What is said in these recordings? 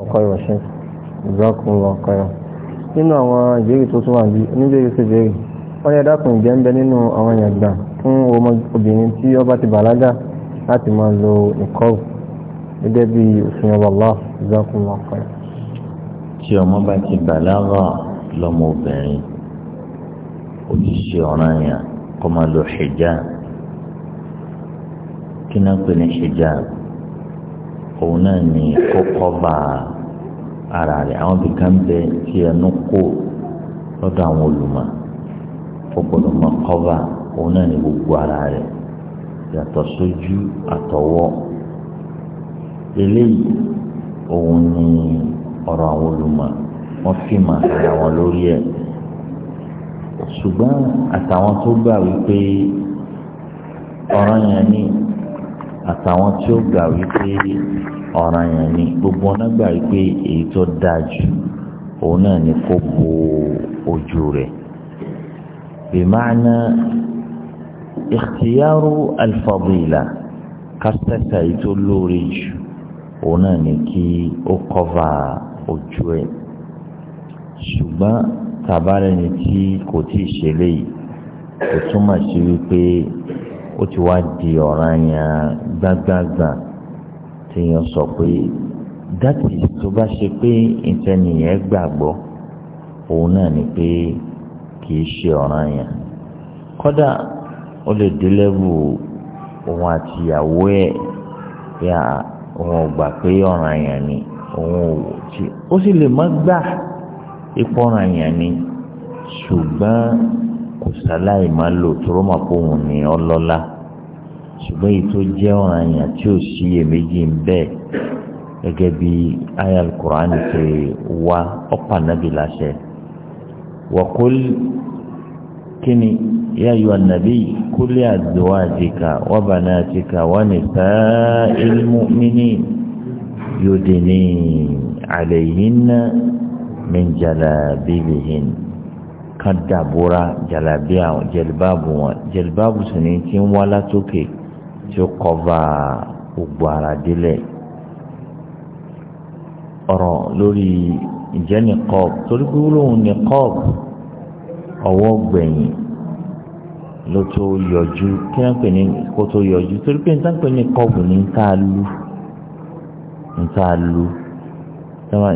ọ̀kọ́yọ̀ ṣe ìzákun ọ̀kọ́yọ̀ nínú àwọn ìbéèrè tó tún wà bí oníbéèrè sí ìbéèrè wọ́n yẹ dákun ìjẹ́ ń bẹ nínú àwọn èèyàn gbà fún ọmọ obìnrin tí ó bá ti bàlágà láti máa lo ìkọ́rù gẹ́gẹ́ bí òfin ọ̀wọ̀lá ìzákun ọ̀kọ́yọ̀. tí ọmọ bá ti bàlágà lọ́mọ obìnrin ó ti ṣe ọ̀ràn yẹn kó máa lo hijab kí náà pè ní hijab òun náà ní kó ara rẹ̀ àwọn bí kan bẹ tí ẹnu kó lọ́dọ̀ àwọn olùmọ̀ ó mọ kọ́ba òun náà ní gbogbo ara rẹ̀ yàtọ̀ sójú àtọwọ́ eléyìí òun ní ọ̀rọ̀ àwọn olùmọ̀ wọ́n fi ara wọn lórí ẹ̀ ṣùgbọ́n àtàwọn tí ó gbà wípé ọ̀ràn yẹn ni gbogbo ọ̀nà gbà wípé èyí tó dáa jù òun náà ni kó bo ojú rẹ̀ bìmáàná ìkìyàrú alfadila kásẹ̀sà èyí tó lóore jù òun náà ni kí ó kọ́va ojú ẹ̀ ṣùgbọ́n tàbárẹ́ni tí kò tí ṣe léyìí kò túmọ̀ sí wípé ó ti wá di ọ̀ranyàn gbágbáàgbà tí yẹn sọ pé dátì tó bá ṣe pé ìtẹnìyẹn gbàgbọ́ òun náà ni pé kì í ṣe ọ̀ranyàn kódà ó lè dé lẹ́bù òun àti ìyàwó ẹ̀ pé òun ò gbà pé ọ̀ranyàn ni òun ò tí ó sì lè má gbà ipò ọ̀ranyàn ni ṣùgbọ́n kò sáláì máa lò tóró mà kó òun ní ọlọ́lá ṣùgbọ́n èyí tó jẹ́ ọ̀ràn àyàn tí ò sí èméjì ń bẹ́ẹ̀ gẹ́gẹ́ bí aya alukur'an ṣe wá ọ̀pá nàbì láṣẹ. wọ́kúl kíni yá yọ nàbí kúlẹ̀ àdúwàjìkà wọ́n bànájìkà wọ́n ní sáà ilmú níní yóò dé ní àlẹ́yìn náà min jalabibihin kan dàbóra jàlábíà jẹlibáàbù wọn jẹlibáàbù sì ni tí ń wá látòkè tí ó kọ́va ògbó ara délẹ̀ ọ̀rọ̀ lórí ìjẹ́ ní kọ́ọ̀b torí pé olóhùn ní kọ́ọ̀b ọwọ́ gbẹ̀yìn ló tó yọjú kí wọ́n pè ní kó tó yọjú torí pé níta pè ní kọ́ọ̀b ní níta lu níta lu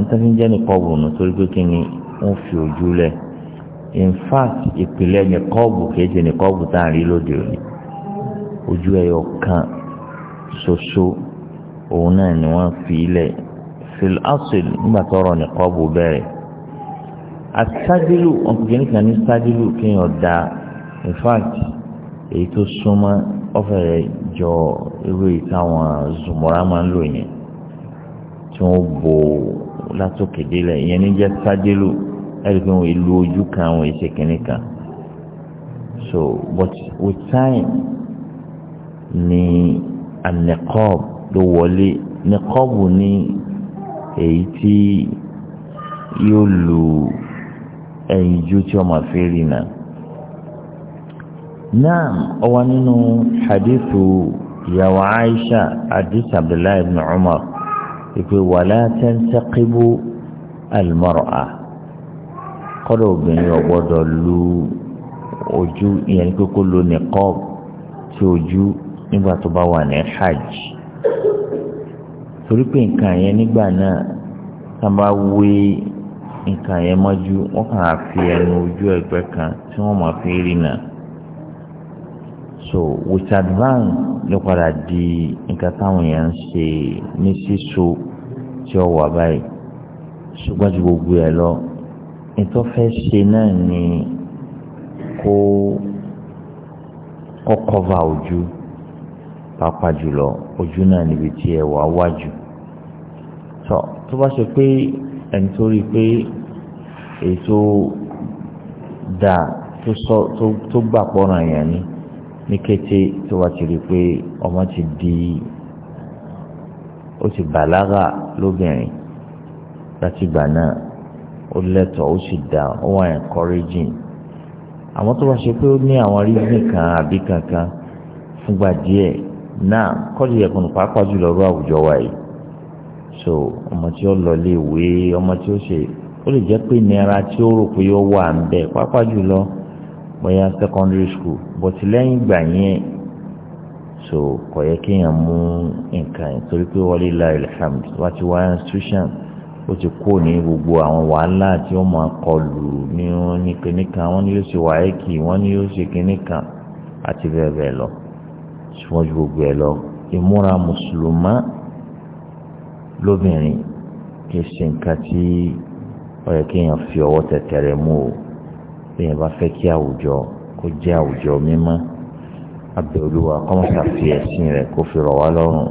níta fi ń jẹ́ ní kọ́ọ̀b nù torí pé kí ni wọ́n fi ojú lẹ̀. in fact ìpìlẹ̀ ní kọ́ọ̀bù kejì ní kọ́ọ̀bù tá à ń rí lóde òní ojú ẹyọ kan ṣoṣo òun náà ni wọ́n fi ilẹ̀ fil asil nígbà tọrọ ní kọ́ọ̀bù bẹ̀rẹ̀ asájúlù ní sájúlù kéèyàn da in fact èyí tó súnmọ́ jọ ewé táwọn zùmọ̀rá máa ń lò yẹn tí wọ́n bò látòkè délẹ̀ ìyẹn ní jẹ́ ẹ̀rí pé wọ́n èlò ojú kan àwọn èsì kìnnì kan so but with time ni anẹ́kọ́b ló wọlé nẹ́kọ́bù ní èyí tí yóò lu ẹ̀yìn ju tí wọ́n fi rí náà. نعم ومن حديث يا عائشة حديث عبد الله بن عمر يقول ولا تنتقب المرأة kọ́dọ̀ obìnrin ọ̀gbọ́dọ̀ lu ojú ìyẹn ní kókó lo nìkọ́ọ̀bù sí ojú nígbà tó bá wà ní hajj torí pé nǹkan yẹn nígbà náà tá a bá wé nǹkan yẹn mọ́jú wọ́n kàn á fi ẹnu ojú ẹgbẹ́ kan tí wọ́n máa fi rí so with advance ló padà di nǹkan táwọn yẹn ń ṣe ní sísọ tí ó wà báyìí ṣùgbọ́n ju gbogbo ẹ̀ lọ ìtọ́fẹ́ ṣe náà ni kó kọ́kọ́va ojú pàápàá jùlọ ojú náà níbi tí ẹ wà wájú tọ́ tó bá ṣe pé ẹni tó rí i pé ètò dà tó gbà pọ́nra yẹn ni ní kété tó bá ti rí i pé ọmọ ti di ó ti bàlágà lóbìnrin láti gbà náà. ó leto ó sì dá ó wà encouraging àwọn tó bá ṣe pé ó ní reason kan àbí kankan fúngbà díẹ̀ náà kọ́lù yẹ̀kùn pàápàá jùlọ rú àwùjọ wa yìí so ọmọ tí ó lọ le wee ọmọ tí ó ṣe ó lè jẹ́ pé ìnira tí ó rò pé ó wà ń bẹ̀ pàápàá jùlọ secondary school but lẹ́yìn ìgbà so kò yẹ kéèyàn mú nǹkan torí pé wọlé láì wá ti wá ó ti kó ní gbogbo àwọn wàhálà tí ó máa kọlù ní wọn ní kinní kan wọn ní yóò ṣe wàhálà wọn ní yóò ṣe kinní kan àti bẹ́ẹ̀ bẹ́ẹ̀ lọ ṣùgbọ́n ju gbogbo ẹ̀ lọ ìmúra mùsùlùmá lóbìnrin kì í ṣe nǹkan tí ó yẹ kéèyàn fi ọwọ́ tẹ̀tẹ̀rẹ̀ mú o béèyàn bá fẹ́ kí àwùjọ kó jẹ́ àwùjọ mímọ́ abẹ́ olúwa kọ́mọ́sà fi ẹ̀sìn rẹ̀ kó fi rọ̀ wá lọ́rùn.